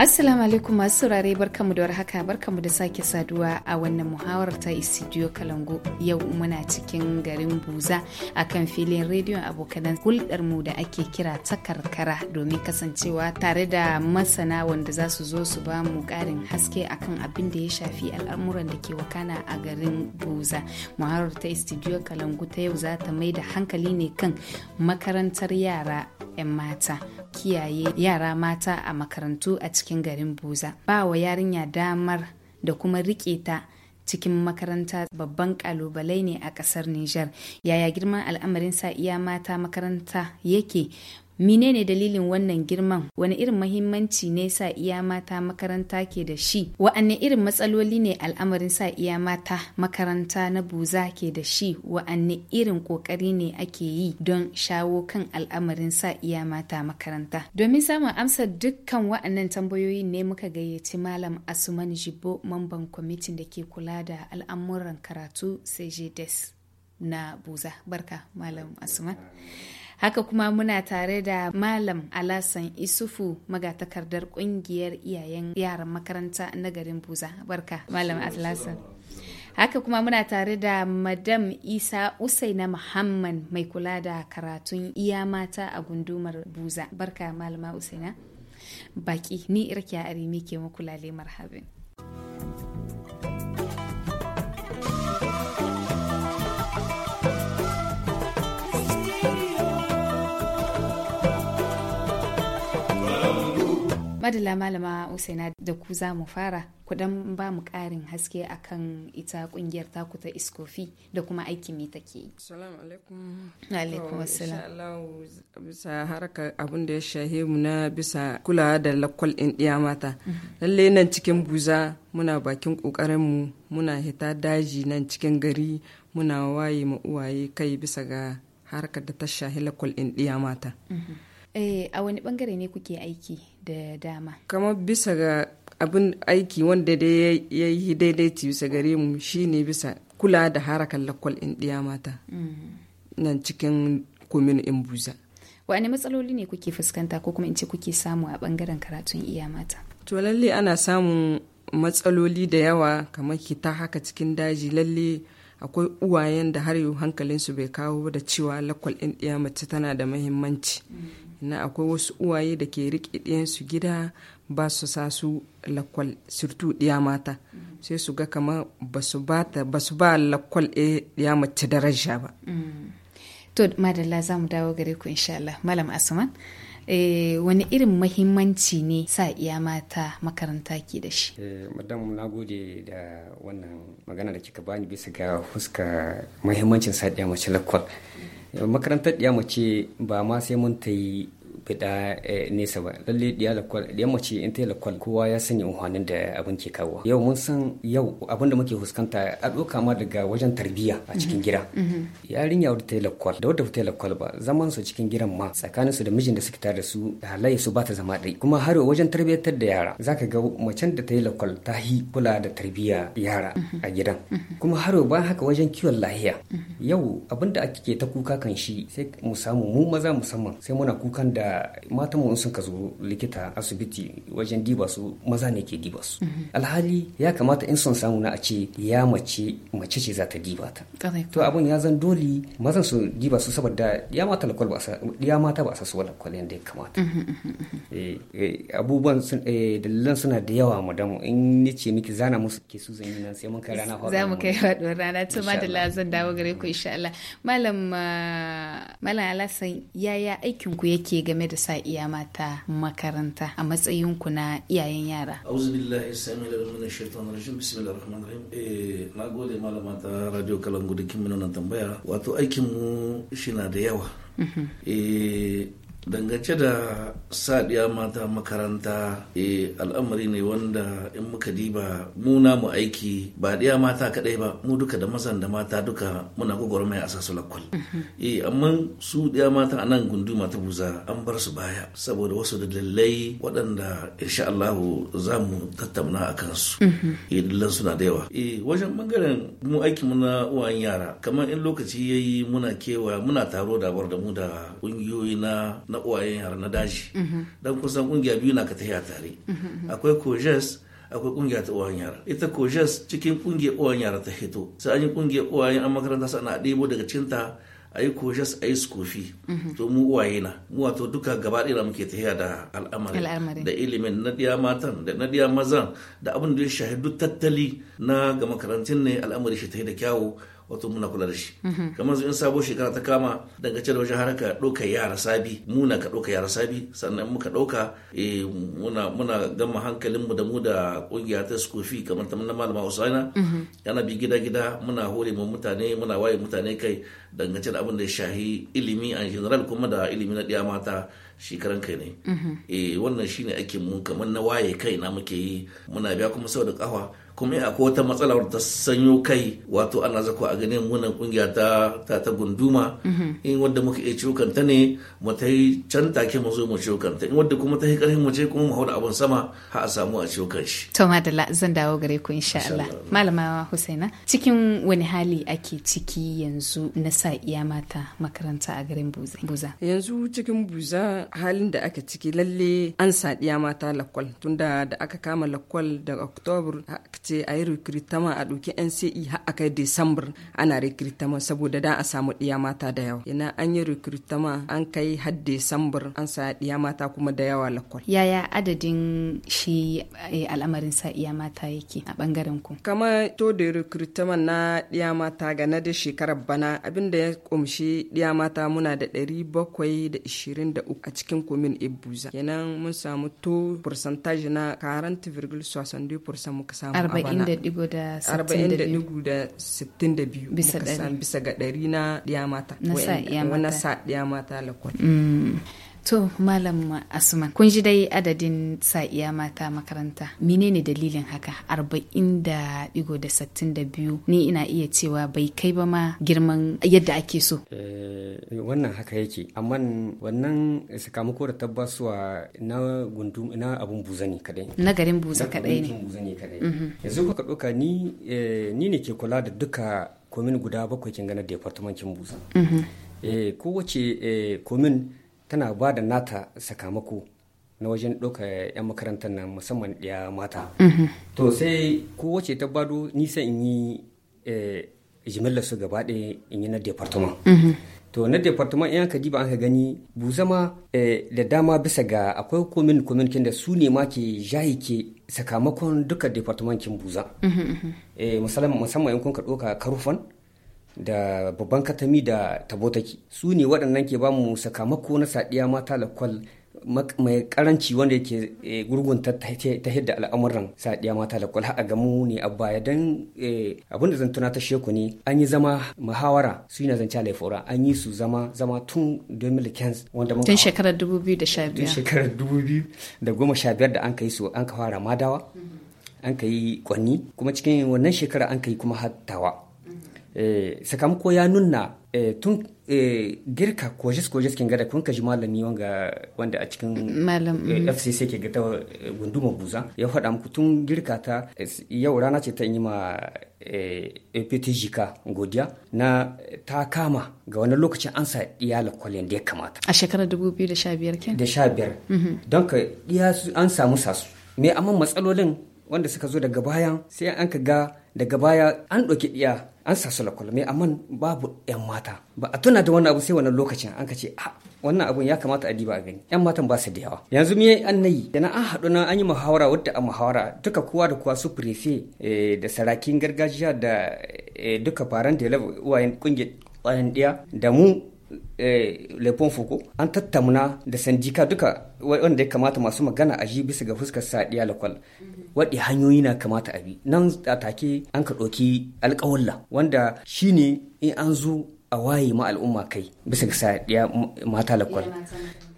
Assalamu alaikum masu saurare barkamu da warhaka barkamu da sake saduwa a wannan muhawarar ta Studio Kalango yau muna cikin garin Buza akan filin rediyon abokanan hulɗar mu da ake kira ta karkara domin kasancewa tare da masana wanda za su zo su ba mu ƙarin haske akan abin da ya shafi al'amuran da ke wakana a garin Buza. Muhawarar ta Studio Kalango ta yau za ta mai da hankali ne kan makarantar yara 'yan mata kiyaye yara mata a makarantu a cikin cikin garin buza ba wa yarinya damar da kuma riƙe ta cikin makaranta babban kalubalai ne a kasar Nijar. Yaya girman al'amarin sa iya mata makaranta yake menene dalilin wannan girman wani irin mahimmanci ne sa iya mata makaranta ke da shi wa'anne irin matsaloli ne al'amarin sa iya mata makaranta na buza ke da shi wa'anne irin kokari ne ake yi don shawo kan al'amarin sa iya mata makaranta domin samun amsa dukkan wa'annan tambayoyi ne muka gayyaci malam asuman jibo mamban kwamitin da ke kula da al'amuran karatu cgds na buza barka malam asuman Haka kuma muna tare da Malam Alasan Isufu magatakardar kungiyar iyayen yaran makaranta na garin Buza. Barka Malam Alasan. Haka kuma muna tare da Madam Isa Usaina Muhammad mai kula da karatun iya mata a gundumar Buza. Barka Malama Usaina. Baki ni irkiya arimi ke muku lale marhabin. madala malama usaina da ku za mu fara kudan ba mu karin haske akan ita kungiyar taku ta iskofi da kuma aiki mai take yi. Salamu alaikum. Alaikum wasalam. bisa haraka abin da ya shahe mu na bisa kulawa da lakwal in ɗiya mata. Mhm. Lalle nan cikin buza muna bakin ƙoƙarin mu muna hita daji nan cikin gari muna waye ma uwaye kai bisa ga harkar da ta shahe lakwal in ɗiya mata. Mhm. Eh, a wani bangare ne kuke aiki da dama? Kamar bisa ga abin aiki wanda dai ya yi daidaiti bisa gare mu shine bisa kula da harakan lakwal in mata mm-hmm. nan cikin komin in buza. Wani matsaloli ne kuke fuskanta ko kuma in ce kuke samu a bangaren karatun iya mata? To lalle ana samun matsaloli da yawa kamar kita haka cikin daji lalle akwai uwayen da har yau hankalinsu bai kawo da cewa lakwal ɗin ɗiya mace tana da mahimmanci mm-hmm. na akwai wasu uwaye da ke riƙe su gida ba su sa su lakwal surtu ɗiya mata sai su ga kama ba su ba lakwal ɗiya mace daraja ba mm. to madalla za mu dawo gare ku insha Allah malam asuman Eh, wani irin mahimmanci ne sa iya mata makaranta ke da shi eh, madam na gode da wannan magana da kika bani bisa ga fuska mahimmancin sa iya mace lakwal eh, makarantar iya mace ba ma sai mun ta yi fita eh, nesa ba lalle diya lakwal diya mace in ta lakwal kowa ya sanya unhwanin da abin ke kawo yau mun san yau abin da muke fuskanta a ɗauka ma daga wajen tarbiyya a cikin gida mm-hmm. Mm-hmm. yarinya wadda ta yi lakwal da wadda ta yi lakwal ba zaman su cikin gidan ma tsakanin su da mijin da suke tare da su halayya su ba ta zama ɗai kuma har wajen tarbiyyatar da yara zaka ga macen da ta yi lakwal ta hi kula da tarbiyya yara mm-hmm. a gidan kuma har ba haka wajen kiwon lahiya yau abin da ake ta kuka kan shi sai mu samu mu maza musamman sai muna kukan da matan mu sun ka zo likita asibiti wajen diba su maza ne ke diba su alhali ya kamata in son samu na a ce ya mace mace ce za ta diba ta to abun ya zan dole mazan su diba su saboda ya mata lakwal ba sa ya mata ba sa su lakwal yanda ya kamata mm-hmm, mm-hmm, mm-hmm. Eh, eh, abubuwan eh, dalilan suna da yawa madamu in ni ce miki zana musu ke su zanyi nan sai mun kai rana za mu kai faduwar rana to madalla zan dawo gare ku insha Allah malam ah, malam Alasan yaya aikin ku yake game game da sa iya mata makaranta a matsayin ku na iyayen yara auzubillahi samil min shaitanir rajim bismillahir rahmanir rahim eh na gode malama ta radio kalangu da kin tambaya wato aikin mu shi na da yawa e dangance da sadiya mata makaranta e al'amari ne wanda in muka diba mu mu aiki ba ɗaya mata kaɗai ba mu duka da mazan da mata duka muna gwagwarmaya a su lakwal e amma su ɗaya mata a nan gunduma ta buza an bar su baya saboda wasu dalilai waɗanda insha Allahu za mu tattauna a kansu mhm. e eh, dillan suna da yawa e wajen bangaren mu aiki muna uwayen yara kamar in lokaci yayi muna kewa muna taro da da mu da ƙungiyoyi na na uwayen yara na daji mhm. don kusan kungiya biyu na ka tafiya tare mhm, mhm. akwai kojes akwai kungiya ta uwayen yara ita kojes cikin kungiyar uwayen yara ta hito sai an yi kungiyar uwayen an makaranta na ɗebo daga cinta a yi kojes a yi skofi to mu uwaye na mu wato duka gaba ɗaya muke tafiya da al'amari da ilimin na diya matan da na diya mazan da abin da ya shahi duk tattali na ga makarantun ne al'amari shi ta da kyawu wato muna kula da shi mhm. kamar in sabo shekara ta kama Dangace da wajen haraka ɗaukar yara sabi muna ka ɗauka yara sabi sannan muka ɗauka eh, muna muna gama mu da mu da ƙungiya ta skofi kamar ta na malama usaina mhm. yana bi gida gida muna hore mu mutane muna waye mutane kai dangance da abin da ya shahi ilimi a general kuma da ilimi na ɗiya mata shekaran kai ne mhm. eh, wannan shine ake mu kamar na waye kai na muke yi muna biya kuma sau da kawa kuma akwai wata matsala ta sanyo kai wato ana zako a ganin wannan kungiya ta ta gunduma mm-hmm. in wanda muka iya ciwo kanta ne mu ta yi can take mu zo mu ciwo kanta in wanda kuma ta yi karfin mu je kuma mu haura abun sama ha a samu a ciwo kan shi to madalla zan dawo gare ku insha Allah malama Husaina cikin wani hali ake ciki yanzu na sa iya mata makaranta a garin Buza yanzu cikin Buza halin da aka ciki lalle an sa iya mata lakwal tunda da aka kama lakwal da oktobar ce a yi rikiritaman a ɗauki NCE har a kai Desambar ana rikiritaman saboda da a samu ɗiya mata da yawa. Ina an yi rikiritaman an kai har Desambar an sa ɗiya mata kuma da yawa lakwal. Yaya adadin shi eh, al'amarin sa ɗiya mata yake a ɓangaren ku? Kama to da rikiritaman na ɗiya mata ga na da shekarar bana abinda ya ƙumshi ɗiya mata muna da ɗari bakwai da ishirin da uku a cikin komin Ibuza. Kenan mun samu to percentage na 40,62% muka samu. 40.62 bisa bisa ga ɗari na ɗiya mata sa ɗiya mata lakwal mm. To Malam Asuma, kun ji dai adadin sa'iya mata makaranta. Menene dalilin haka? Arba'in da digo da sattin da biyu ni ina iya cewa bai kai ba ma girman yadda ake so. Eh, wannan haka yake, amma wannan sakamako da tabbasuwa na gundum na abun buza ne kadai. Na garin buza kadai ne. Mhm. Yanzu kuka ɗauka eh, ni ne ke kula da duka komin guda bakwai kin ganar departamentin buza. Mhm. Eh kowace eh, komin tana ba da nata sakamako na wajen ɗauka 'yan makarantar nan musamman ya mata mhm. to sai kowace ta bado nisa in yi eh, jimillar su gaba ɗaya in yi na departement mhm. to na departement yan kaji an ka gani zama eh, da dama bisa ga akwai komin komin da su ne ma ke jahi ke sakamakon duka departement kin buza mhm, eh, musamman in kun ka ɗauka karufan da babban katami da tabotaki su ne waɗannan ke bamu sakamako na sadiya mata lakwal mai karanci wanda yake eh, gurgunta ta hidda al'amuran sadiya mata da haɗa ga gamu ne a baya don eh, abinda zan tuna ta sheku ne an yi zama muhawara su na zance laifora an yi su zama zama tun 2015 wanda mun tun shekarar 2015 tun shekarar 2015 da an kai su an ka fara madawa mm-hmm. an ka yi kwanni kuma cikin wannan shekara an ka yi kuma hattawa Eh, sakamako ya nuna eh, tun eh, girka kojes-kojes kin gada kun kaji malami wanda a cikin mm. fcc ke gata gunduma buza ya faɗa muku tun girka ta yau rana ce ta yi ma ka godiya na ta kama ga wani lokacin an sa iyala kwalen da ya kamata a shekarar 2015 ken da 15 mhm. don ka iya an samu sasu me amma matsalolin wanda suka zo daga bayan sai an ka ga daga baya an ɗauki iya an sa su lakwal mai amma babu 'yan mata ba a tuna da wannan abu sai wannan lokacin an ka ce a ah, wannan abun ya kamata a diba a gani 'yan matan ba su da yawa yanzu me an nayi da an haɗu na an yi muhawara wadda a muhawara duka kowa da kowa su prefe eh, da sarakin gargajiya da eh, duka faran da wayan kungiyar ƙwayan da mu eh, foko an tattauna da sandika duka wanda ya kamata masu magana a ji bisa ga fuskar sadiya lakwal waɗe hanyoyi na kamata a bi nan a take an ka ɗauki alƙawalla wanda shine in an zo a waye ma al'umma kai bisa ga ɗaya mata lakwal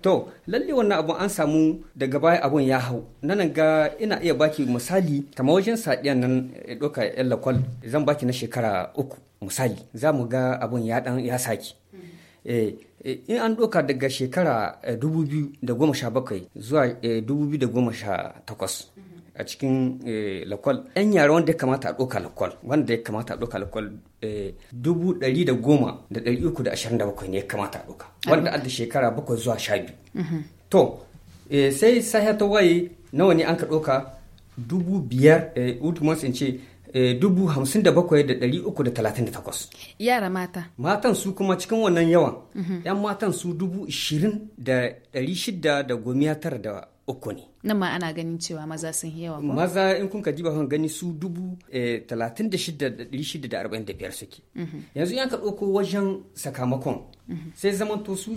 to lalle wannan abun an samu daga baya abun ya hau nan ga ina iya baki misali kamar wajen sadiyan nan ya ɗauka yan lakwal zan baki na shekara uku misali za mu ga abun ya ɗan ya saki hmm. eh, eh, in an ɗauka daga shekara 2017 eh, zuwa 2018 a cikin eh, lakwal yan yara wanda ya kamata a ɗauka lakwal wanda ya kamata a ɗauka lakwal eh, dubu ɗari da goma da ɗari uku da ashirin da bakwai ne ya kamata a ɗauka wanda da shekara bakwai zuwa sha biyu mhm. to eh, sai sahiya ta waye nawa ne an ka ɗauka dubu biyar ultimate in ce dubu hamsin da bakwai da ɗari uku da talatin da takwas. Yara mata. Matan su kuma cikin wannan yawan, mhm. ‘yan matan su dubu ishirin da ɗari shida da gomiya tara da uku ne. Nan ma ana ganin cewa maza sun yi yawa ko? Maza in kun diba kun gani su dubu eh, talatin da shida da ɗari shida da arba'in da biyar suke. Mhm. Yanzu yan ka ɗauko wajen sakamakon mhm. sai zaman to su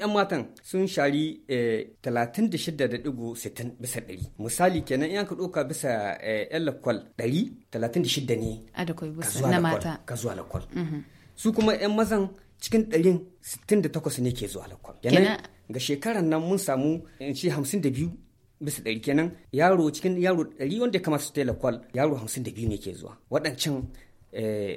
yan matan sun shari eh, talatin da shida da ɗigo sittin bisa ɗari. Misali kenan in ka ɗauka bisa yan eh, lakwal ɗari talatin da shida ne. A da kwai na mata. Ka zuwa lakwal. Mhm. Su kuma yan mazan cikin ɗarin sittin da takwas ne ke zuwa lakwal. Kenan ga shekaran nan mun samu shi hamsin da biyu bisa ɗari kenan yaro cikin yaro ɗari wanda ya kamata su tela kwal yaro hamsin da biyu ne ke zuwa waɗancan eh,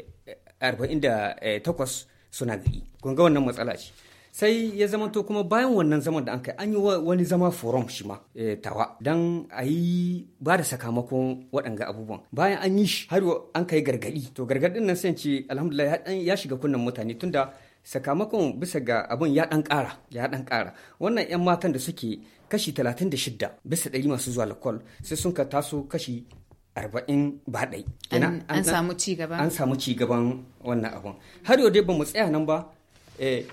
arba'in da eh, takwas suna gari kun wannan matsala ce sai ya zama to kuma bayan wannan zaman da an kai an yi wani zama forum shi ma eh, tawa don a yi ba da sakamakon waɗanga abubuwan bayan an yi shi har an kai gargaɗi to gargaɗin nan sai ce alhamdulillah ya shiga kunnen mutane tunda sakamakon bisa ga abun ya dan kara ya dan kara wannan yan matan da suke kashi 36 bisa ɗari masu zuwa lakol sai sun ka taso kashi 40 ba ɗai an samu ci gaban an samu ci gaban wannan abun har yau dai ba mu tsaya nan ba eh,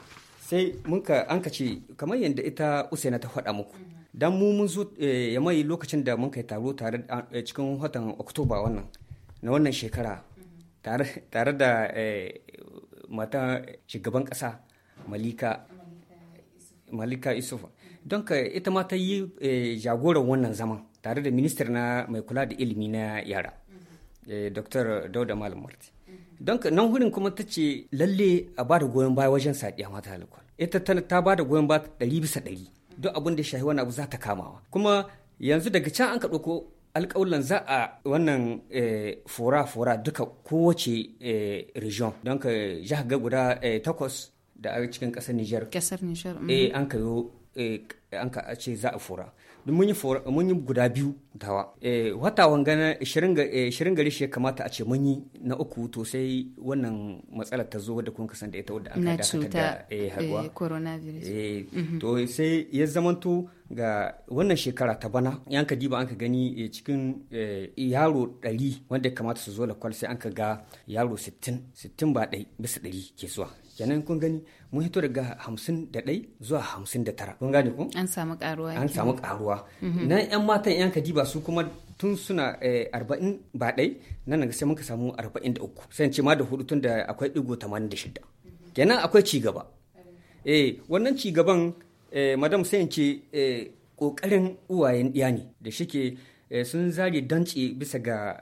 sai mun ka an ka ce kamar yadda ita usaina ta faɗa muku dan mu mun zo eh, ya mai lokacin da mun kai taro tare eh, cikin watan oktoba wannan na wannan shekara tare da eh, mata shugaban ƙasa malika malika isufa don ka ita ma ta yi eh, jagoran wannan zaman tare da ministar na mai kula da ilimi na yara eh, dr dauda malam marti don ka nan hurin kuma ta ce lalle a ba da goyon baya wajen sadiya mata alkol ita ta ba da goyon ba ɗari bisa ɗari duk abin da shahi wani abu za ta kamawa kuma yanzu daga can an ka ɗauko alƙawulan za a wannan eh, fura-fura duka kowace eh, region don ka jihar guda eh, takwas da a cikin ƙasar niger ƙasar niger mm-hmm. an ka an ka ce za a fura mun yi mun yi guda biyu tawa eh wata wangana 20 20 gari shi kamata a ce mun yi na uku to sai wannan matsalar ta zo wadda kun kasan da ita wadda aka dakatar da eh harwa eh, coronavirus eh mhm. to sai ya zamanto ga wannan shekara ta bana yan ka diba an ka gani eh, cikin eh, yaro 100 wanda kamata su zo lakwal sai an ka ga yaro 60 60 ba ɗaya bisa 100 ke zuwa kenan kun gani mun hito daga hamsin da ɗai zuwa hamsin da tara kun gane ko an samu karuwa an samu karuwa mhm. na yan matan yan kadiba su kuma tun suna eh, arba'in ba ɗai nan sai muka samu arba'in da uku sai ce ma da hudu tun da akwai ɗigo tamanin da shida kenan akwai ci gaba eh wannan ci gaban eh, madam sai ce kokarin eh, uwayen ɗiya ne da shike sun zare dance bisa ga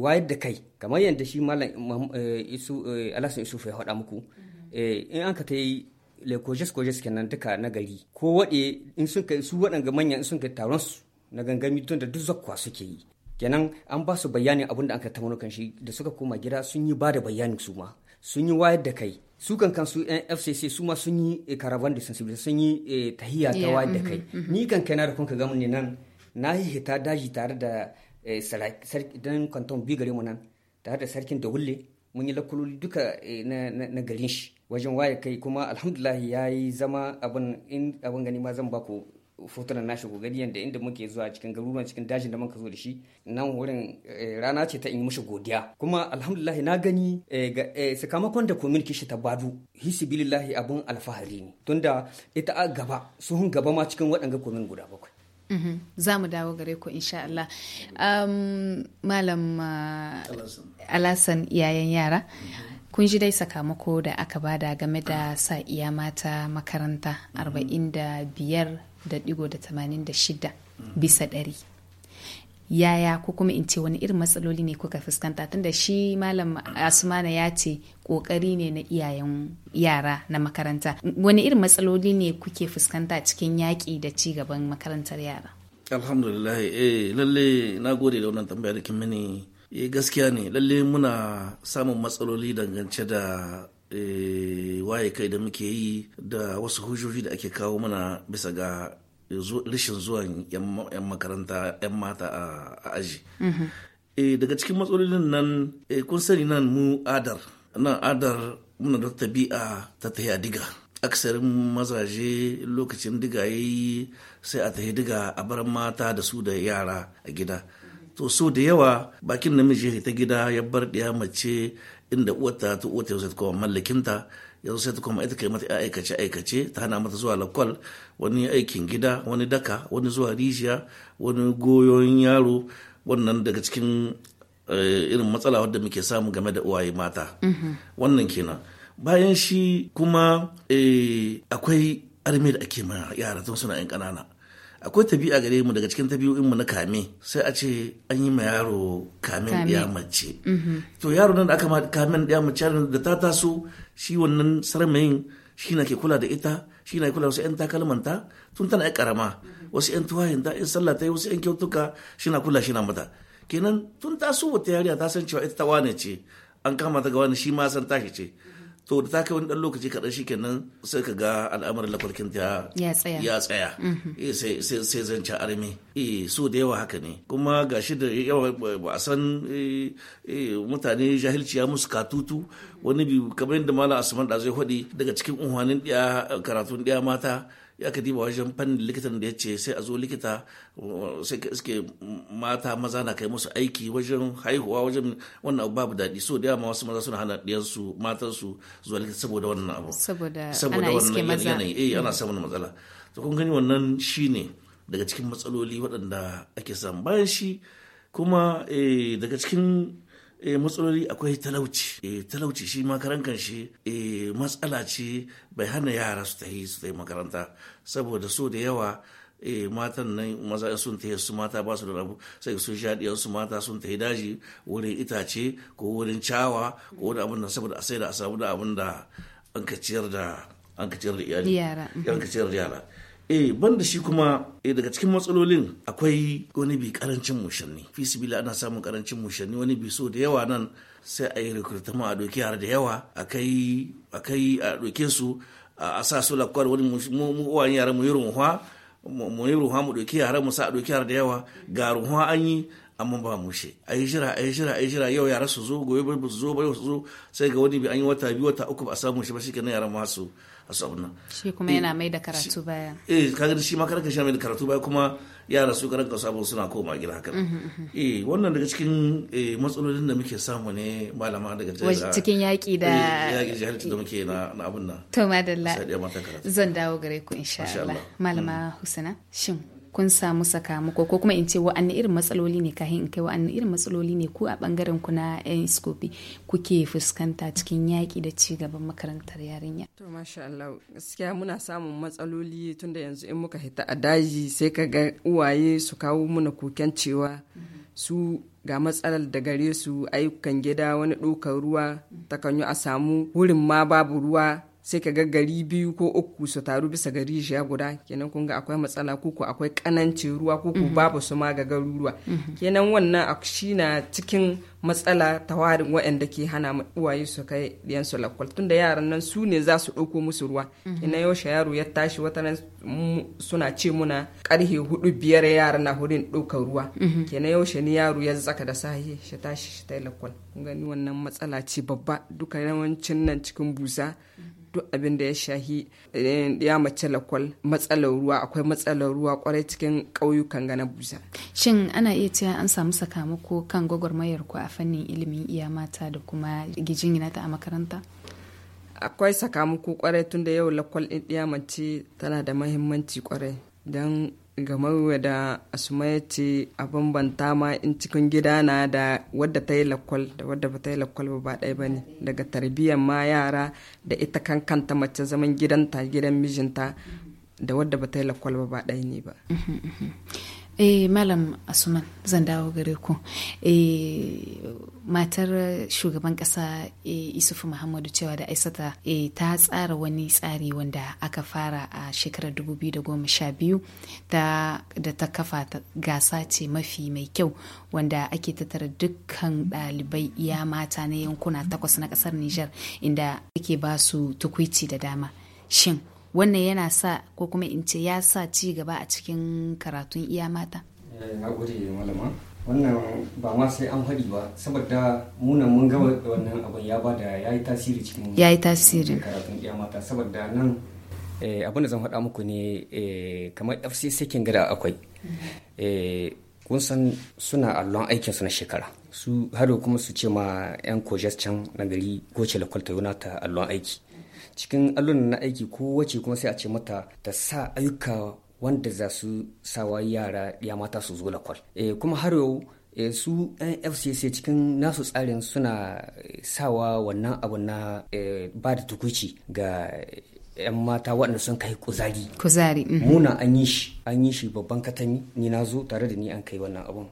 wayar da kai kamar yadda shi malam isu alasan isu ya faɗa muku Eh, in an ka ta yi lekojes kojes kenan duka na gari ko waɗe in sun kai su waɗanga manyan in sun kai taron su na gangami tun da duk zakwa suke yi kenan an ba su bayanin abin da an ka ta kan shi da suka koma gida sun yi ba da bayanin su ma sun yi wayar da kai su kan kansu yan fcc su ma sun yi eh, caravan da sensibility sun yi eh, tahiya ta wayar da mhm, kai mhm. ni kan kai na da kunka gamu ne nan na yi hita daji tare da dan kwanton bi gare mu nan tare da sarkin da wulle mun yi lakuloli duka na garin shi wajen waye kai kuma alhamdulahi ya yi zama abin gani ma zan baku fotunan nashi ku gani yadda inda muke zuwa cikin garuruwan cikin dajin da muka zo da shi nan wurin eh, rana ce ta in mushi godiya kuma alhamdulillah na gani eh, eh, sakamakon da community shi ta badu hisibilillahi abun alfahari ne tunda ita a gaba sun gaba ma cikin waɗanga komin guda bakwai mm-hmm. za mu dawo gare ku insha Allah um, malam uh, alasan 'ya'yan yara mm-hmm. kun ji dai sakamako da aka bada game da sa iya mata makaranta 45.86 bisa ɗari yaya ko kuma in ce wani irin matsaloli ne kuka fuskanta tunda shi malam asumana ya ce kokari ne na iyayen yara na makaranta wani irin matsaloli ne kuke fuskanta cikin yaƙi da ci gaban makarantar yara alhamdulillah eh lalle na gode da wannan tambaya da mini Eh, gaskiya ne lalle muna samun matsaloli dangance da eh, waye kai da muke yi da wasu hujjoji da ake kawo mana bisa ga rashin zuwan 'yan makaranta 'yan mata a aji mm-hmm. eh, daga cikin matsalolin nan kun sani nan mu adar nan adar muna da tabi'a ta tahiya diga aksarin mazaje lokacin diga ya yi sai a tahi diga a bar mata da su da yara a gida to so da yawa bakin namiji ya ta gida ya bar ɗiya mace inda uwata ta yau sai ta koma mallakinta yanzu sai ta koma ita kai mata aikace aikace ta hana mata zuwa lakwal wani aikin gida wani daka wani zuwa rijiya wani goyon yaro wannan daga cikin eh, irin matsala wadda muke samu game da uwaye mata mm-hmm. wannan kenan bayan shi kuma eh, akwai armi da ake mana yara tun suna yan ƙanana akwai tabi'a gare mu daga cikin tabi'o'in mu na kame sai a ce an yi ma yaro kamen ɗiya mace mm-hmm. to yaro nan da aka ma kamen ɗiya mace da ta taso shi wannan sarmayin shi na ke kula da ita shi na kula wasu 'yan takalmanta tun tana ya karama wasu 'yan tuwayen ta 'yan sallah ta yi wasu 'yan kyautuka shi na kula shi na mata kenan tun taso wata yariya ta san cewa ita ta wane ce an kama ta ga wani shi ma san tashi ce saboda ta kai wani dan lokaci kaɗan shi kenan sai ka ga al'amarin lakwalkin ta ya tsaya mhm. eh, sai zan ci armi eh, so da yawa haka ne kuma ga shi da yawa ba san eh, mutane jahilci ya musu katutu wani biyu kamar yadda malam asman da zai faɗi daga cikin unhwanin karatun ɗaya mata ya ka diba wajen fannin likitan da ya ce sai a zo likita sai ka iske mata maza na kai musu aiki wajen haihuwa wajen wannan abu babu daɗi so da yawa wasu maza suna hana ɗiyansu matarsu zuwa likita saboda wannan abu saboda wannan yanayi eh ana mm. samun matsala to kun gani wannan shine daga cikin matsaloli waɗanda ake samu bayan shi kuma eh, daga cikin e, matsaloli akwai talauci e, talauci shi makarantar shi e, eh, matsala ce bai hana yara su tahi su tahi makaranta saboda so da yawa e, matan nan maza sun tahi su mata ba su da rabu sai sun sha diyan su mata sun tahi daji wurin itace ko wurin cawa ko wani abin nan saboda a sai da a samu da abin da an ka ciyar da an ka ciyar da iyali an mhm. ka ciyar da yara eh da shi kuma eh daga cikin matsalolin akwai wani bi karancin mushanni fisibila ana samun karancin mushanni wani bi so da yawa nan sai a yi rekrutama a doki har da yawa a kai a doke su a sa su lakwar wani mu uwayen yaran mu yi runwa mu yi runwa mu doki yaran mu sa a doki har da yawa ga runwa an yi amma ba shi a yi shira a yi shira a yi shira yau yara su zo gobe ba su zo ba su zo sai ga wani bi an yi wata biyu wata uku ba a samu shi ba shi kenan yaran masu. su a sabon shi kuma yana eh, mai da karatu baya eh kaga shi ma karka shi mai da karatu baya kuma yara su karka sabo suna koma gida haka mhm, mhm. eh wannan daga cikin eh, matsalolin da muke samu ne malama daga jihar cikin yaki da eh, yaki jihar da muke na abun nan to madalla zan dawo gare ku insha Allah malama hmm. Husna shin kun samu sakamako ko kuma in ce wa'anne irin matsaloli ne kahin in kai wa'anne irin matsaloli ne ku a bangaren ku na yan iskofi kuke fuskanta cikin yaƙi da ci gaban makarantar yarinya. To masha Allah gaskiya muna samun matsaloli tunda yanzu in muka hita a daji sai ka ga uwaye su kawo muna koken cewa su ga matsalar da gare su ayyukan gida wani ɗaukar ruwa takan yi a samu wurin ma babu ruwa sai ka gari biyu ko uku su taru bisa ga rijiya guda kenan kun ga akwai matsala koko akwai kanancin ruwa koko mhm. babu su ma ga garuruwa mhm. kenan wannan shi na cikin matsala ta warin waɗanda ke hana uwaye su kai ɗiyan su lakwal tunda yaran nan su ne za su ɗauko musu ruwa ina mhm. yaushe yaro ya tashi wata nan suna ce muna karhe hudu biyar yara na hudun ɗaukar ruwa kenan yaushe ni yaro ya zaka da sahi shi tashi shi ta lakwal kun gani wannan matsala ce babba duka yawancin nan cikin busa duk abin da ya shahi eh, ya mace lakwal matsalar ruwa akwai matsalar ruwa kwarai cikin ƙauyukan gana buza shin ana iya cewa an samu sakamako kan gwagwarmayar ku a fannin ilimin iya mata da kuma gijin ta a makaranta akwai sakamako kwarai tunda yau lakwal ɗin mace tana da mahimmanci kwarai don game da asumaya ce a bambanta ma in cikin gida na da wadda ta yi lakwal da wadda ba ta yi lakwal ba ba ɗaya ba ne daga tarbiyyar ma yara da ita kan kanta mace zaman gidanta gidan mijinta da wadda ba ta yi lakwal ba ba ɗaya ne ba. Eh Malam Asuman zan dawo gare ku. Eh matar eh, shugaban kasa eh, isufu muhammadu cewa da aisata eh, ta tsara wani tsari wanda aka fara a shekarar 2012 da ta kafa gasa ce mafi mai kyau wanda ake tattara dukkan ɗalibai iya mata na yankuna takwas na ƙasar nijar inda ake ba su tukwici da dama shin wannan yana sa ko kuma in ce ya sa ci gaba a cikin karatun iya mata wannan ba ma sai an haɗi ba saboda muna mun gaba da wannan abin ya ba da ya yi tasiri cikin ya yi tasiri karatun saboda nan eh, abin da zan haɗa muku ne eh, kamar fcc kin gada akwai eh, kun san suna allon aikin su na shekara su har kuma su ce ma yan kojas can na gari goce lakwal ta yana ta allon aiki cikin allon na aiki ko wace kuma sai a ce mata ta sa ayyuka wanda za su sawa yara ya mata su zo lakwal eh, kuma har yau eh, su fcc cikin nasu tsarin suna eh, sawa wannan abu na ba da tukuci ga 'yan mata waɗanda sun kai kuzari kuzari mhm. muna an yi shi an yi shi babban katami ni na zo tare da ni an kai wannan abun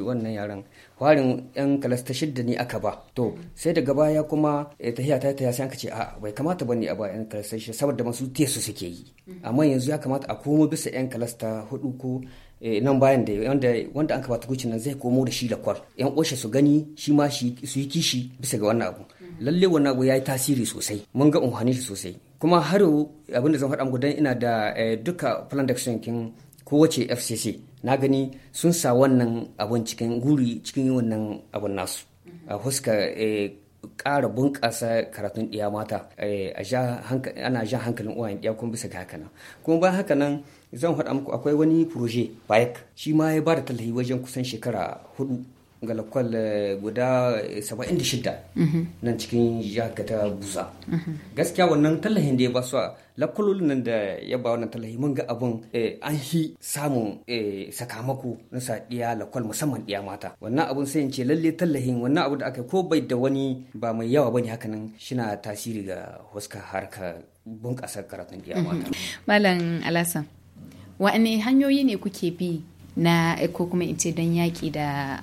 wannan yaran farin 'yan kalasta shidda ne aka ba to sai daga baya kuma eh, tahiya ta tahiya sai aka ce a bai kamata ba ni a ba 'yan kalasta shidda saboda masu tiya su suke yi mhm. amma yanzu ya kamata a komo bisa 'yan kalasta hudu ko eh, nan bayan da wanda wanda an ta kucin nan zai komo da shi da kwar yan oshe su gani shi ma su yi kishi bisa ga wannan abu mhm. lalle wannan abu ya yi tasiri sosai mun ga umarni shi sosai kuma har abinda zan faɗa muku dan ina da eh, duka plan da kin kowace fcc na gani sun sa wannan abun cikin guri cikin wannan abun nasu a huska eh, ƙara bunƙasa karatun ɗiya mata eh, ana jan hankalin uwayen ɗiya kuma bisa ga haka nan kuma bayan haka nan zan faɗa muku akwai wani proje bayek shi ma ya ba da tallafi wajen kusan shekara hudu ga lakwal eh, guda 76 eh, mhm. nan cikin jihar ta buza mhm. gaskiya wannan tallahin da ya ba su a nan da ya ba wannan tallahi mun ga abin eh, an hi samun sakamako na sadiya lakwal musamman ɗiya mata wannan abin sai ce lalle tallahin wannan abu da aka ko bai da wani ba mai yawa bane haka nan shina tasiri ga huska harka bunƙasar karatun ɗiya mata mhm. malam alasan wa'ane hanyoyi ne kuke bi na ko kuma in ce don yaƙi da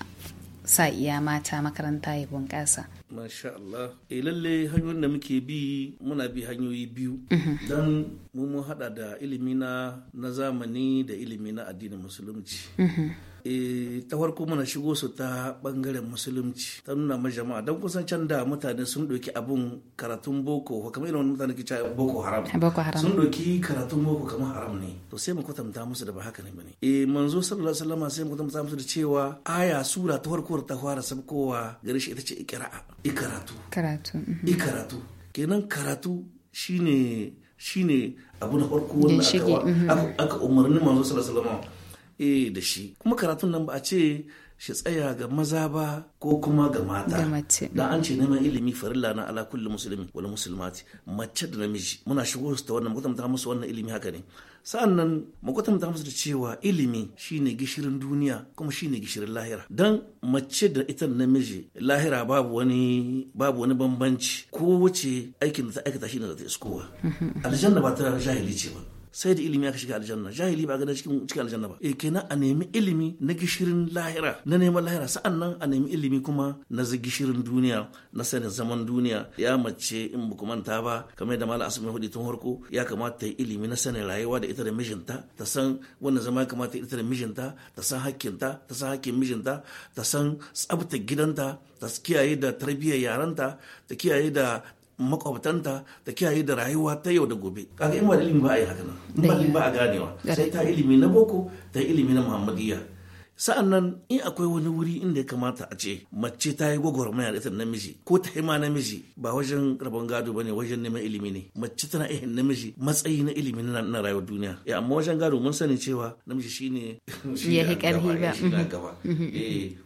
sa iya mata makaranta ya bunƙasa. Masha Allah, e lalle hanyoyin da muke bi muna bi hanyoyi biyu mhm. don mun hada da ilimi na zamani da ilimi na addinin musulunci. Mhm. E, ta farko muna shigo su ta bangaren musulunci ta nuna ma jama'a don kusan can da mutane sun doki abun karatun boko kamar irin mutane ke cewa boko haram sun doki karatun boko kamar haram ne to sai mu kwatanta musu da ba haka ne bane eh manzo sallallahu alaihi wasallam sai mu kwatanta musu da cewa aya sura ta farko ta fara sabkowa gare shi ita ce ikra'a ikaratu karatu mhm. ikaratu kenan karatu shine shine abu na farko wanda aka mhm. umarni manzo sallallahu alaihi wasallam e da shi kuma karatun nan ba a ce shi tsaya ga maza ba ko kuma ga mata da an ce neman ilimi farilla na ala kulli musulmi wal musulmati mace da namiji muna shigo su ta wannan kwatanta musu wannan ilimi haka ne nan mu kwatanta musu da cewa ilimi shine gishirin duniya kuma shine gishirin lahira dan mace da ita namiji lahira babu wani babu wani bambanci ko wace aikin da ta aikata shine da ta iskowa mhm. aljanna ba ta jahili ce ba sai da ilimi aka shiga aljanna jahili ba gane cikin cikin aljanna ba eh kenan a nemi ilimi na gishirin lahira na neman lahira sa'annan a nemi ilimi kuma na gishirin duniya na sanin zaman duniya ya mace in ba manta ba kamar yadda malam asibin hudu tun farko ya kamata ta ilimi na sanin rayuwa da ita da mijinta ta san wannan zama ya kamata ita da mijinta ta san hakkinta ta san hakkin mijinta ta san tsabta gidanta ta kiyaye da tarbiyyar yaranta ta kiyaye da makwabtanta da kiyaye da rayuwa ta yau da gobe kaga in ba da ilimi ba a yi haka nan in ba ilimi ba a ganewa sai ta ilimi na boko ta ilimi na muhammadiyya sa'annan in akwai wani wuri inda ya kamata a ce mace ta yi gwagwarmaya da ita namiji ko ta yi ma namiji ba wajen rabon gado ba ne wajen neman ilimi ne mace tana iya namiji matsayi na ilimi na rayuwar duniya ya eh, amma wajen gado mun sani cewa namiji shine shi ne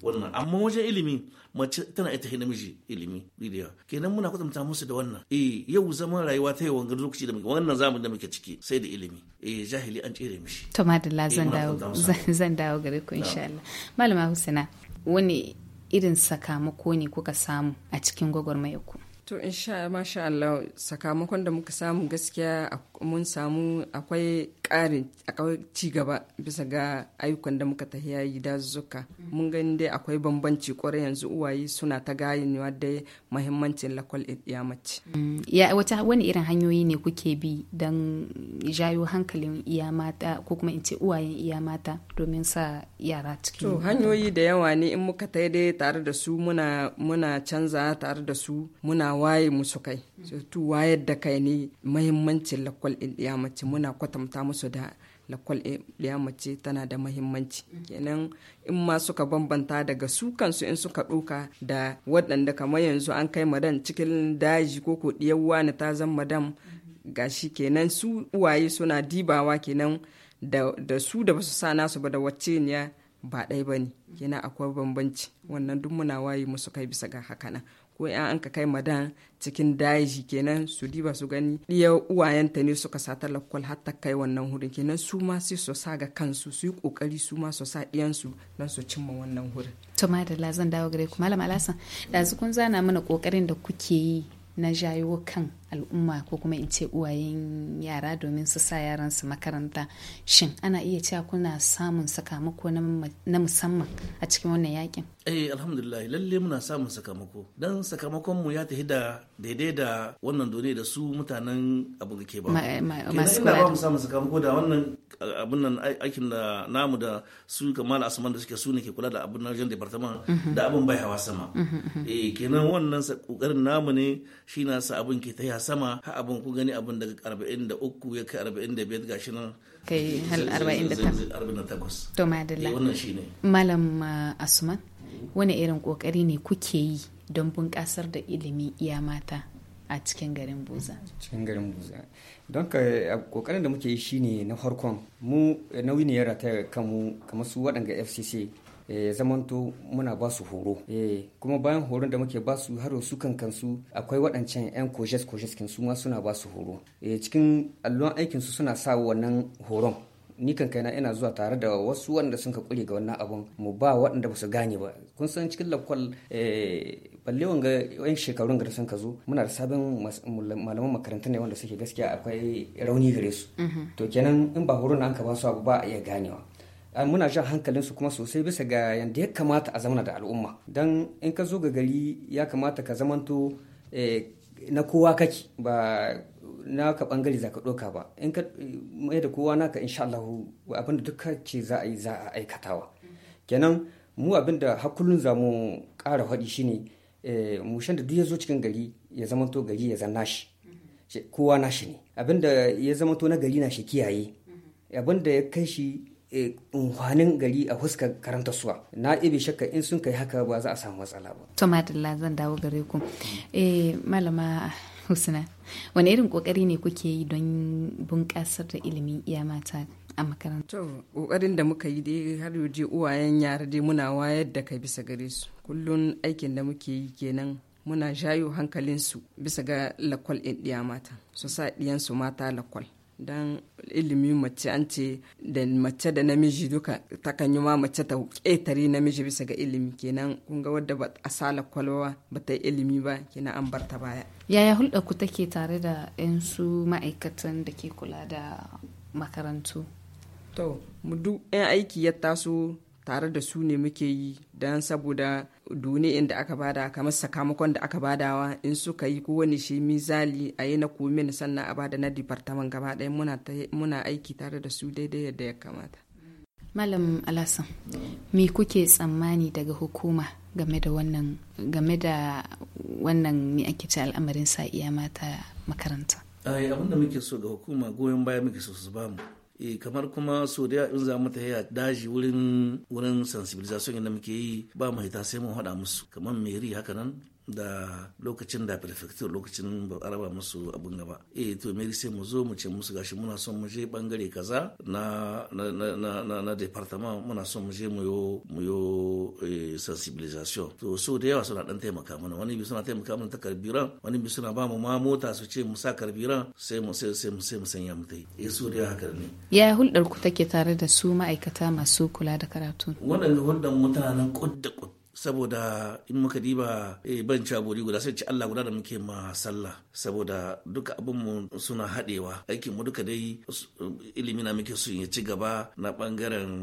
wannan amma wajen ilimi mace tana ita namiji ilimi ridiya kenan muna kwatanta musu da wannan eh yau zaman rayuwa ta yau wangar lokaci da muke wannan zamanin da muke ciki sai da ilimi eh jahili an tsere mishi to madalla eh, zan dawo zan dawo gare ku insha Allah malama Husna wani irin sakamako ne kuka samu a cikin gwagwarmayarku. ku to insha masha Allah sakamakon da muka samu gaskiya mun samu akwai ƙari akwai ci gaba bisa ga ayyukan da muka tafiya yi dazuzzuka mun gani dai akwai bambanci kwarai yanzu uwaye suna ta ganewa da mahimmancin lakwal ya mace mm, ya wata wani irin hanyoyi ne kuke bi don jayo hankalin iya mata ko kuma in ce uwayen iya mata domin sa yara cikin to hanyoyi da yawa ne in muka tai dai tare da su muna muna canza tare da su muna waye musu kai tu wayar da kai ne mahimmancin lakwal lakwal mace muna kwatanta musu da lakwal ɗin mace tana da mahimmanci kenan in ma suka bambanta daga su kansu in suka ɗoka da waɗanda kamar yanzu an kai madan cikin daji ko ko ɗiyar na ta zan madam gashi kenan su uwaye suna dibawa kenan da, da su da basu sa nasu ba da wacce ne ba ɗaya ba ne kenan akwai bambanci wannan duk muna waye musu kai bisa ga haka nan ko an ka kai madan cikin daji kenan su diba su gani diya uwayenta ne suka sa talakwal har ta kai wannan hurin kenan su ma sai su sa ga kansu su yi kokari su ma su sa diyansu don su cimma wannan hurin to da zan dawo gare ku malam alasan ɗazu kun zana mana kokarin da kuke yi na jayo kan al'umma ko kuma in ce uwayen yara domin su sa yaran su makaranta shin ana iya cewa kuna samun sakamako na musamman a cikin wannan yakin eh alhamdulillah lalle muna samun sakamako dan sakamakon mu ya tafi da daidai da wannan dole da su mutanen abu da ke ba masu ba mu samun sakamako da wannan abin nan aikin da namu da su kamar asman da suke su ne ke kula da abin nan department mhm. da abin bai hawa sama mhm, mhm, eh kenan wannan kokarin namu ne shi na sa abin ke ta sama ha abin ku gani abin daga 43 ya kai 45 shi nan kai hal 48 to madalla eh, wannan shine malam uh, asman wani irin kokari ne kuke yi don bunƙasar da ilimi iya mata a cikin garin buza cikin garin buza don ka kokarin da muke yi shine na farkon mu nauyi ne ya rata kanmu kamar su waɗanga fcc ya zamanto muna ba su horo eh, kuma bayan horon da muke ba su har su kan kansu akwai waɗancan 'yan koshes koshes kin su suna ba su horo eh, cikin allon aikinsu suna sa wannan horon ni kan kaina ina zuwa tare da wasu waɗanda sun ka ƙure ga wannan abun mu ba waɗanda ba su gane ba kun san cikin lakwal eh, balle wanga yan shekarun gari sun ka zo muna da sabon malaman makaranta ne wanda suke gaskiya akwai rauni gare su mm-hmm. to kenan in ba horon an ka ba su abu ba a iya ganewa Eh, muna jan hankalin kuma sosai bisa ga yadda ya kamata a zamana da al'umma don in ka zo ga gari ya kamata ka zamanto eh, na kowa kake ba na ka bangare za ka doka ba in ka mai da kowa naka insha Allah abin da duka ce za a yi za a aikatawa kenan mu abin da hakulun za mu ƙara faɗi shine eh, mushen da duk ya zo cikin gari ya zamanto gari ya zan nashi kowa nashi ne abin da ya to na gari na shi kiyaye mm-hmm. abinda ya kai shi unhwanin eh, gari a huskar karanta suwa na ibi shakka in sun kai haka ba za a samu matsala ba to madalla zan dawo gare ku eh malama husna wani irin kokari ne kuke yi don bunƙasar da ilimin iya mata a makaranta to kokarin da muka yi dai har yaje uwayen yara dai muna wayar da kai bisa gare su kullun aikin da muke yi kenan muna jayo su bisa ga lakwal ɗin ɗiya mata su sa ɗiyansu mata lakwal don ilimi mace an ce da mace da namiji duka takan yi ma mace ta ƙetare namiji bisa ga ilimi kenan kun ga wadda ba a asala kwalwa ba ta yi ilimi ba kenan an bar barta baya yaya hulɗa ku take tare da 'yan su ma'aikatan da ke kula da makarantu to mu duk 'yan aiki ya taso tare da su ne muke yi don saboda duniyan da aka bada kamar sakamakon da aka badawa in suka yi kowane shi mizali a yi na komin sannan a bada na departaman gaba ɗaya muna aiki tare da su daidai yadda ya kamata malam alasan me kuke tsammani daga hukuma game da wannan game da wannan me ake ce al'amarin sa iya mata makaranta abin da muke so ga hukuma goyon baya muke so su bamu e, kamar kuma so da in za mu ta yaya daji wurin wurin sensibilisation da muke yi ba mu hita sai mu haɗa musu kamar meri haka nan da lokacin da prefecture lokacin ba araba musu abin gaba eh to me sai mu zo mu ce musu gashi muna son mu je bangare kaza na na na na, na department muna son mu je mu yo mu yo eh, sensibilisation to so da yawa suna dan taimaka mana wani bi suna taimaka mana ta karbiran wani bi suna ba mu ma mota su ce mu sa karbiran sai mu sai sai mu sai mu sanya mu tai eh so da yawa haka ne ya hulɗar ku take tare da su ma'aikata masu kula da karatu wannan hulɗar mutanen kudda kudda saboda in muka diba e, eh, ban bori guda sai ci Allah guda da muke ma sallah saboda duka abin suna haɗewa aikin mu duka dai ilimi na muke sun ya ci gaba na bangaren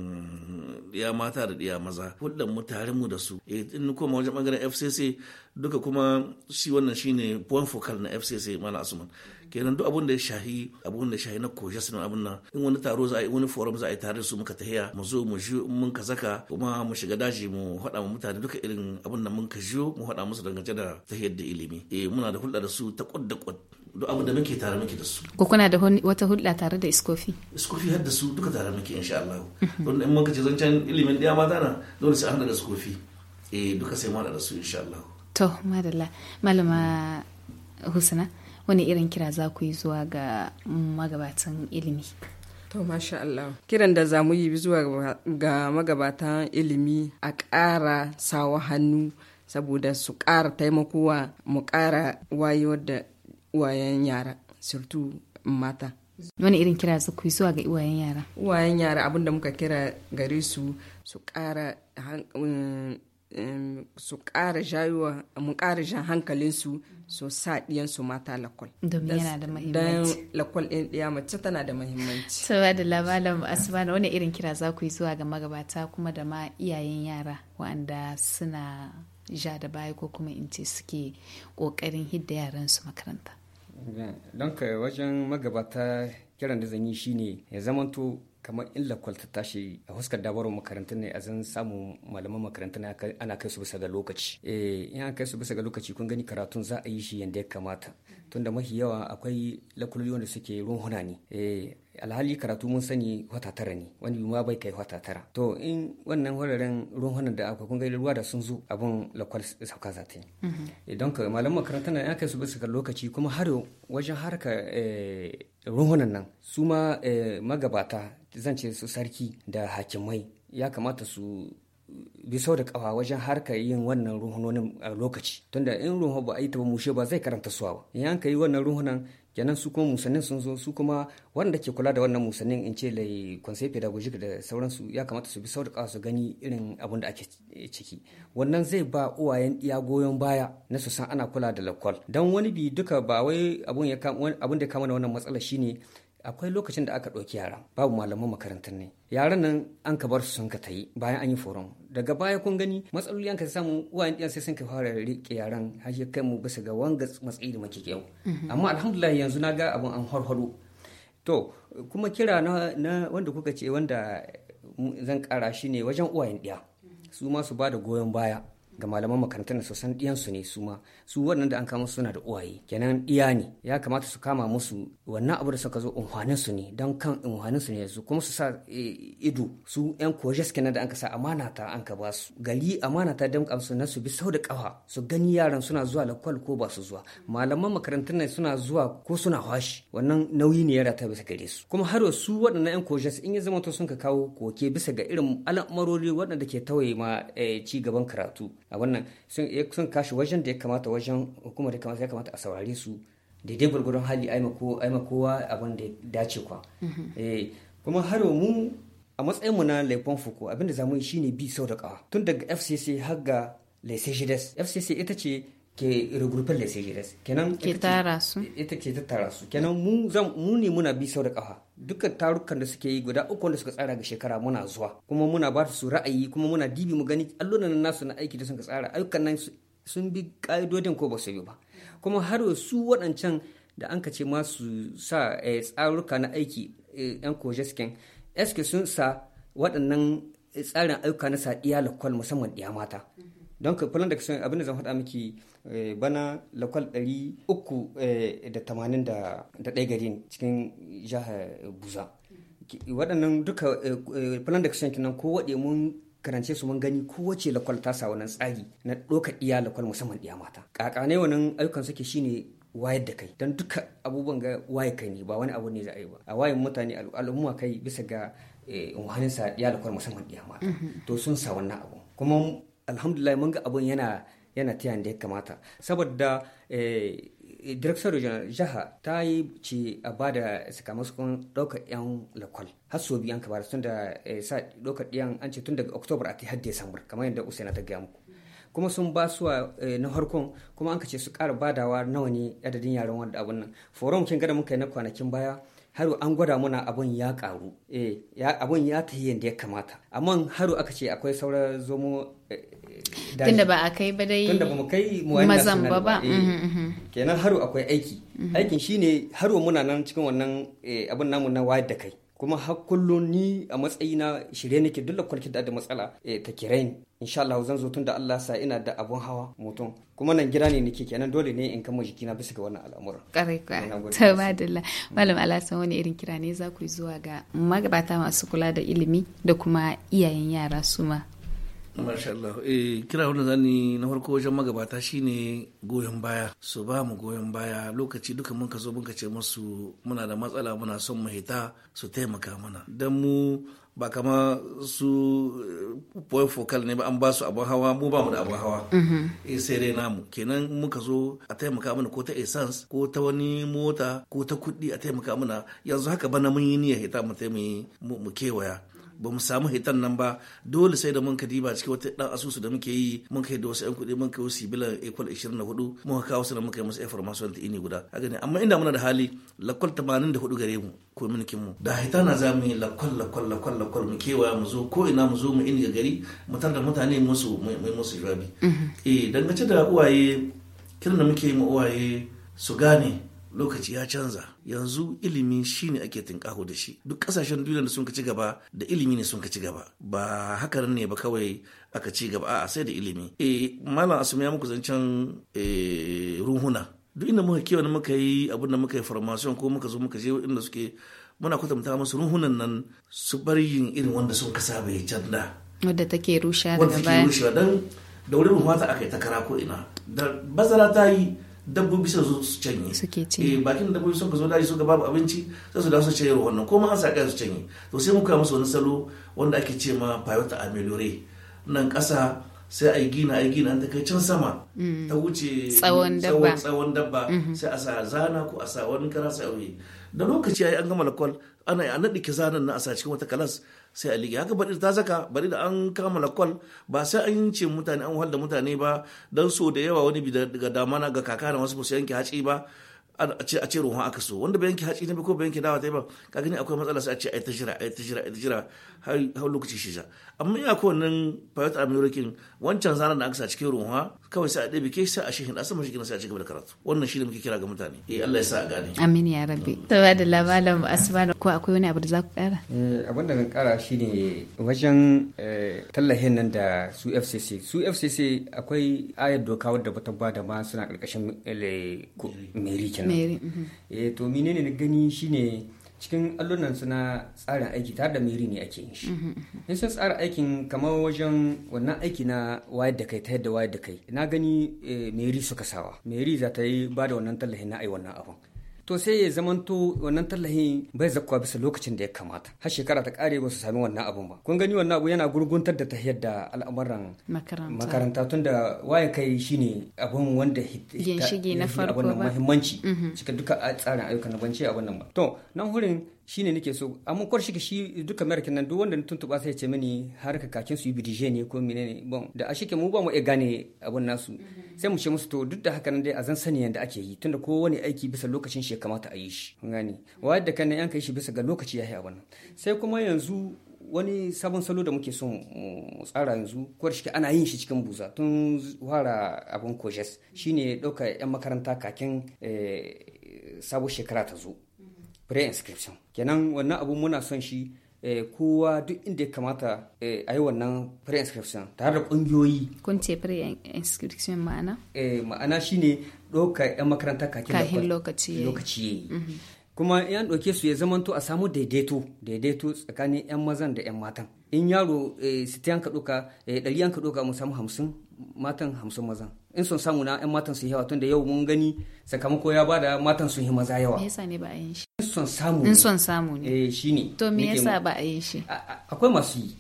ya mata da ya maza hulɗar mu tare mu da su eh, in ni koma wajen bangaren FCC duka kuma shi wannan shine point focal na FCC mana asuman kenan duk abun da ya shahi abun da ya shahi na koshe sunan abun nan in wani taro za a yi wani forum za a yi tare da su muka tahiya mu zo mu ji mun ka zaka kuma mu shiga daji mu haɗa mu mutane duka irin abun da mun ka jiyo mu haɗa musu dangance da tahiyar da ilimi eh muna da hulɗa da su ta kwad da kwad duk abun da muke tare muke da su. Ko kuna da wata hulɗa tare da iskofi? Iskofi har da su duka tare muke insha Allah. Don in ka ce can ilimin ɗaya mata na dole sai an da iskofi. Eh duka sai mu da su insha Allah. To madalla malama Husna wani irin kira za ku yi zuwa ga magabatan ilimi To masha Allah. Kiran da za mu yi zuwa ga magabatan ilimi a ƙara sawa hannu saboda su ƙara taimakowa mu ƙara wayo da wayan yara, surtu mata. Wani irin kira za ku yi zuwa ga iwayen yara? Iwayen yara abinda da muka kira gare su su ƙara mm, su ƙara jayuwa mu kara jan hankalinsu su sa ɗiyansu mata lakwal. Domin yana da mahimmanci. dan lakwal ɗin ɗiya mace tana da mahimmanci. Tawa da labalan asuba na wani irin kira za ku yi zuwa ga magabata kuma da ma iyayen yara wa'anda suna ja da baya ko kuma in ce suke kokarin hidda yaransu makaranta. Don ka wajen magabata kiran da zan yi shine ya zamanto kamar in kwalta tashi a huskar dabarun makarantu ne a zan samu malaman makarantu ana kai su bisa ga lokaci eh in an kai su bisa ga lokaci kun gani karatun za a yi shi yadda ya kamata tunda mafi yawa akwai lakuloli da suke ruhuna ne eh alhali karatu mun sani wata tara ne wani ma bai kai wata tara to in wannan wararen ruwan da akwai kun ga ruwa da sun zo abun lakwal sauka za ta yi mm-hmm. idan ka malam makarantar nan ya kai su bisa lokaci kuma har wajen harka eh, ruhunan nan su ma eh, magabata zan ce su sarki da hakimai ya kamata su bi sau da kawa wajen harka yin wannan ruhunonin a lokaci tunda in ruhun ba a yi ta mushe ba zai karanta suwa ba in yanka yi wannan ruhunan kenan su kuma musannin sun zo su kuma wanda ke kula da wannan musannin in ce lai conseil pédagogique da sauransu ya kamata su bi sau da su gani irin abin da ake ciki wannan zai ba uwayen iya goyon baya na su san ana kula da lakwal Don wani bi duka ba wai abun ya kama da wannan matsalar shine akwai lokacin da aka ɗauki yara babu malaman makarantar ne yaran nan an ka bar su sun ka tayi bayan an yi foron daga baya kun gani matsaloli an ka samu uwayen ɗiyan sai sun ka fara riƙe yaran har ya kai mu bisa ga wanga matsayi da muke kyau. Mhm. amma alhamdulillah yanzu na ga abin an harharo to kuma kira na wanda kuka ce wanda zan ƙara shi ne wajen uwayen ɗiya su ma su ba da goyon baya ga malaman makarantar da sosan ɗiyansu ne su ma su wannan da an kama suna da uwaye kenan ɗiya ne ya kamata su kama musu wannan abu da suka zo unhwanin su ne don kan unhwanin su ne su kuma su sa eh, ido su yan kojes kenan da an sa amana ta an ka ba su gari amana ta dan kamsu na su bi sau da kafa su gani yaran suna zuwa lakwal ko ba su zuwa malaman makarantar ne suna zuwa ko suna hashi wannan nauyi ne ya rata bisa gare su kuma har su waɗannan yan kojes in ya zama to sun ka kawo koke bisa ga irin al'amarori waɗanda ke tawaye ma eh, ci gaban karatu a wannan eh, sun kashi wajen da ya kamata wajen hukumar da ya kamata a saurare su daidai gurgurun hali aima kowa abin da ya dace kwa mm-hmm. eh, kuma har mu a matsayin mu na laifin fuku abin za zamu yi shine bi sau da kawa tun daga fcc har ga laisejides fcc ita ce ke regrupin laisejides kenan ke tara su ita ke tattara su kenan mu ne muna bi sau da kawa dukkan tarukan da suke yi guda uku wanda suka tsara ga shekara muna zuwa kuma muna ba su ra'ayi kuma muna dibi mu gani allunan nasu na aiki da suka tsara ayyukan nan sun bi ka'idodin ko ba su bi ba kuma har su waɗancan da an ka ce su sa eh, tsaruka na aiki eh, yan kojeskin eske sun sa waɗannan eh, tsarin ayyuka na sa iya lakwal musamman iya mata don ka da ka san abin da zan faɗa miki eh, bana lakwal ɗari uku eh, da tamanin da ɗaya gari cikin jihar buza waɗannan duka plan eh, da kashin kinan ko mun karance su mun gani kowace lakwal ta sa wannan tsari na ɗaukar iya lakwal musamman iya mata ƙaƙane wannan ayyukan suke shine wayar da kai don duka abubuwan ga waye kai ne ba wani abu ne za a yi ba a wayan mutane al'umma kai bisa ga wahalinsa ya lakwal musamman iya mata mm-hmm. to sun sa wannan abu kuma alhamdulillah mun ga abun yana yana ta da ya kamata saboda eh, director regional jiha ta yi ci a ba da sakamakon ɗaukar 'yan lakwal har so biyan kabar tun da eh, sa ɗaukar 'yan an ce tun daga oktobar a ta har kamar yadda usaina ta gaya muku kuma sun ba su eh, na harkon kuma an kace su ƙara badawa nawa ne adadin yaran wanda abun nan forum kin gada muka yi na kwanakin baya haru an gwada muna abun ya karu eh abun ya ta yadda ya kamata amma haru aka ce akwai sauran zomo eh, eh, tunda ba a kai ba dai tunda ba mu kai mu mazan ba ba mm-hmm, mm-hmm. kenan haru akwai aiki mm-hmm. aikin shine haru muna nan cikin wannan abun namu na wayar da kai kuma har kullum ni a matsayina shirye nake duk lokacin da da matsala eh, ta kira ni insha Allah zan zo tun da Allah sa ina da abun hawa mutum kuma nan gida ne nake kenan dole ne in kama jikina bisa ga wannan al'amura kare ka ta madalla malam alasan wani irin kira ne za ku zuwa ga magabata masu kula da ilimi da kuma iyayen yara su ma Allah. Eh, kira wani zani na farko wajen magabata shine goyon baya. Su ba mu goyon baya lokaci duka mun ka zo mun ka ce musu muna da matsala muna son mu hita su taimaka mana. don mu ba kama su point eh, focal ne ba an ba su abin hawa mu ba mu da abin hawa mm-hmm. eh sai dai namu kenan muka zo a taimaka mana ko ta essence ko ta wani mota ko ta kuɗi a taimaka mana yanzu haka bana mun yi niyya hita mu mu kewaya ba mu samu hitan nan ba dole sai da mun ka diba cikin wata dan asusu da muke yi mun kai da wasu yan kuɗi mun kai wasu bilan equal 24 mun kawo su da muka yi musu information ta ini guda haka ne amma inda muna da hali lakwal 84 gare mu ko mulkin mu da hita na za mu yi lakwal lakwal lakwal lakwal mu kewaya mu zo ko ina mu zo mu ini ga gari mu tar da mutane musu mu musu jawabi mhm. eh dangace da uwaye kiran da muke yi mu uwaye su gane lokaci ya canza yanzu ilimi shine ake tinkaho da shi duk kasashen duniya da sun ci gaba da ilimi ne sun ci gaba ba hakan ne ba kawai aka ci gaba a sai da ilimi eh malam asumi ya muku zancen eh ruhuna duk inda muka kiwon muka yi abin da muka yi formation ko muka zo muka je inda suke muna kwatanta musu ruhunan nan su bar yin irin wanda sun ka saba ya can da wadda take rushe daga baya wadda take rushewa dan da wurin ruhuwa ta aka yi takara ko ina da bazara ta yi dabbobi sun zo su canye eh bakin dabbobi sun ka zo daji suka babu abinci sai su dawo su canye wannan ko ma an saka su canye to sai muka musu wani salo wanda ake ce ma pivot ameliore nan kasa sai a gina a gina ta kai can sama mm. ta wuce tsawon dabba Tsawon dabba. Mm-hmm. sai a sa zana ko a sa wani kara sai da lokaci yayi an gama lakwal ana a naɗi zanen na a sa cikin wata kalas sai a lige haka bari ta zaka bari da an kammala kwal ba sai an ce mutane an wahal da mutane ba don so da yawa wani daga damana ga kaka da wasu ba su yanke haci ba a ce ruwan aka so wanda bai yanke haci ne ko bai yanke dawa ta ba ka gani akwai matsala sai a ce ai ta jira ai ta jira ai ta jira har lokaci shi ja amma ya ko nan fayot amurikin wancan zanen da aka sa cikin ruwa kawai sai a ɗabi ke sai a shi hinɗa sama shi sai a cigaba da karatu wannan shi ne muke kira ga mutane eh Allah ya sa a gane amin ya rabbi to da labalan asma ko akwai wani abu da za ku ƙara eh, abin da zan ƙara shine wajen eh, tallahin nan da su FCC su FCC akwai ayar doka wadda ba da ma suna ƙarƙashin eh, meri kenan mhm. eh to menene na gani shine cikin allunan suna tsarin aiki tare da miri ne ake yin shi in sun tsara aikin kamar wajen wannan aiki na wayar da kai ta yadda wayar da kai na gani eh, meri suka sawa meri za ta yi ba da wannan tallafi na ai wannan abun to sai ya zamanto wannan tallahi bai zakkuwa bisa lokacin da ya kamata har shekara ta kare ba su sami wannan abun ba kun gani wannan abu yana gurguntar da tahiyar da al'amuran makaranta tun da waye kai shine abun wanda ginshigi na farko ba muhimmanci mhm. cikin duka tsarin ayyukan ban abun nan ba to nan hurin shi ne nake so amma kwar shi shi duka american nan duk wanda na tuntuɓa sai ce mini har ka kakin su yi bidije ne ko ne bon da a shike mu ba mu iya gane abun nasu mhm. sai mu ce musu to duk da haka nan dai a zan sani yanda ake yi tunda ko wani aiki bisa lokacin shi ya kamata a yi shi kun gane mhm. wayar da kan yan kai shi bisa ga lokaci ya yi abun sai kuma yanzu wani sabon salo da muke son mu tsara yanzu kwar shi shike ana yin shi cikin buza tun wara abun shi shine ɗauka 'yan makaranta kakin eh, sabon shekara ta zo pre-inscription kenan wannan abu muna son shi eh, kowa duk inda ya kamata eh, a yi wannan pre-inscription tare da ƙungiyoyi kun ce pre-inscription ma'ana eh, ma'ana shine ɗauka 'yan makaranta kakin lokaci lokaci mhm. kuma yan ɗauke su ya zamanto a samu daidaito daidaito tsakanin 'yan mazan da 'yan matan in yaro sitiyan ka ɗauka ɗari ka ɗauka mu samu hamsin matan hamsin mazan in sun samu na 'yan matan su yawa tun da yau mun gani sakamako ya bada matan sun yi maza yawa me yasa ne ba a yin shi in son samu in son samu ne eh shine to me yasa ba a yin shi mhm. eh, akwai masu yi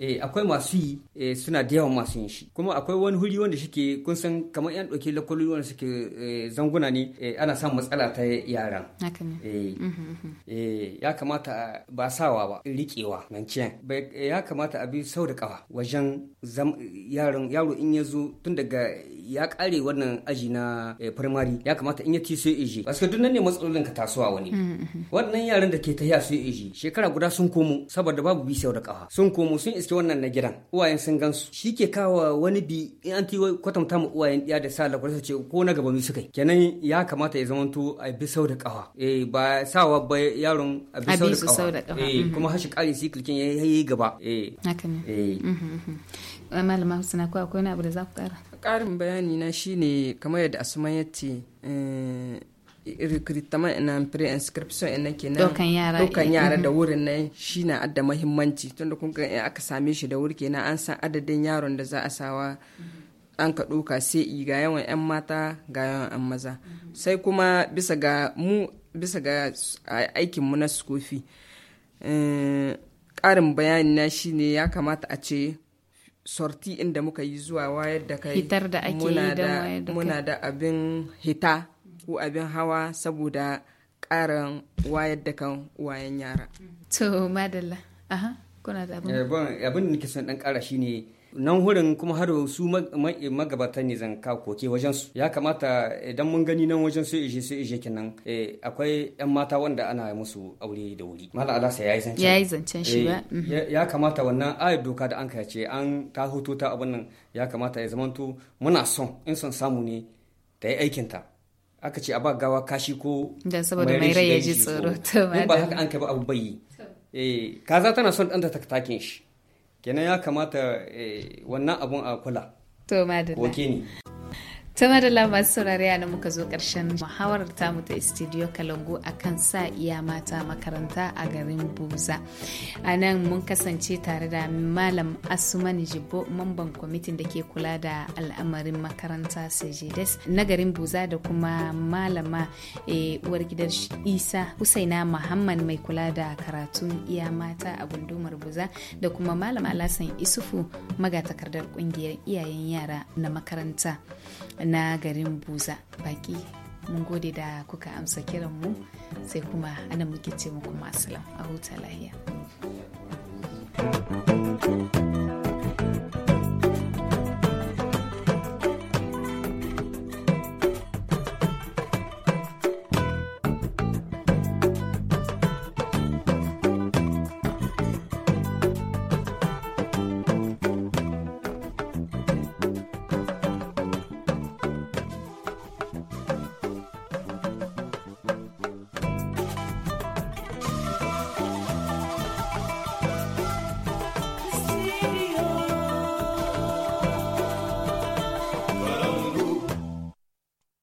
eh akwai masu yi suna da yawan masu yin shi kuma akwai wani huri wanda shike kun san kamar yan dauke lakwaloli wanda suke eh, zanguna ne eh, ana samun matsala ta yaran haka ne mhm, mhm. eh ya kamata ba sawa ba riƙewa nan ciyan ya kamata a bi sau da kawa wajen yaron yaro in ya zo tun daga ya kare wannan aji na primary ya kamata in ya ci sai iji parce duk nan ne matsalolin ka tasowa wani wannan yaran da ke tahiya sai iji shekara guda sun komo saboda babu bi sau da kafa sun komo sun iske wannan na gidan uwayen sun gansu shi ke kawo wani bi in an ti kwatanta mu uwayen ya da sa kwarsa ce ko na gaba suka kenan ya kamata ya zamanto a bi sau da kafa eh ba sawa ba yaron a bi sau da kafa eh mm-hmm. kuma hashi kare sikilkin ya yi gaba eh. Eh. Mm-hmm. Mm-hmm. eh malama husna ko akwai wani abu da za ku kara karin bayani na shine kamar yadda asuma ya ce eh, recruitment na pre-inscription ina ke nan dokan yara da mhm. wurin na shi na adda mahimmanci tunda kun ga aka same shi da wuri kenan an san adadin yaron da za a sawa mhm. an ka ɗoka sai ga yawan 'yan mata ga yawan 'yan maza sai kuma bisa ga mu bisa ga aikin mu na skofi eh, ƙarin bayani na shine ya kamata a ce sorti inda muka yi zuwa wayar da kai hitar da ake muna da muna da abin hita ko abin hawa saboda ƙarin wayar da kan wayan yara to madalla aha kuna da abin eh, abin da nake son dan ƙara shine nan hurin kuma har su magabatan ne zan ka koke wajen su ya kamata idan mun gani nan wajen su ije su ije kenan akwai yan mata wanda ana musu aure da wuri mala alasa yayi zancen yayi zancen shi ba ya kamata wannan ayi doka da an kai ce an ta hoto ta abun nan ya kamata ya zamanto muna son in son samu ne ta yi aikin ta. aka ce a ba gawa kashi ko dan saboda mai rai ya ji tsoro to ba haka an kai ba abu bayi eh kaza tana son ɗanta ta takin shi kenan ya kamata eh, wannan abun a kula to madalla sama da labar saurari a muka zo karshen muhawarar tamu ta studio kalangu a kan sa iya mata makaranta a garin buza a nan mun kasance tare da malam asuman Jibo mamban kwamitin da ke kula da al'amarin makaranta sejides na garin buza da kuma malama eh, uwar gidar isa husaina muhammad mai kula da karatun iya mata a gundumar buza da kuma malam alasan isufu magatakardar kungiyar iyayen yara na makaranta na garin buza baki mun gode da kuka amsa kiranmu sai kuma ana muke ce muku masu a huta lahiya thank you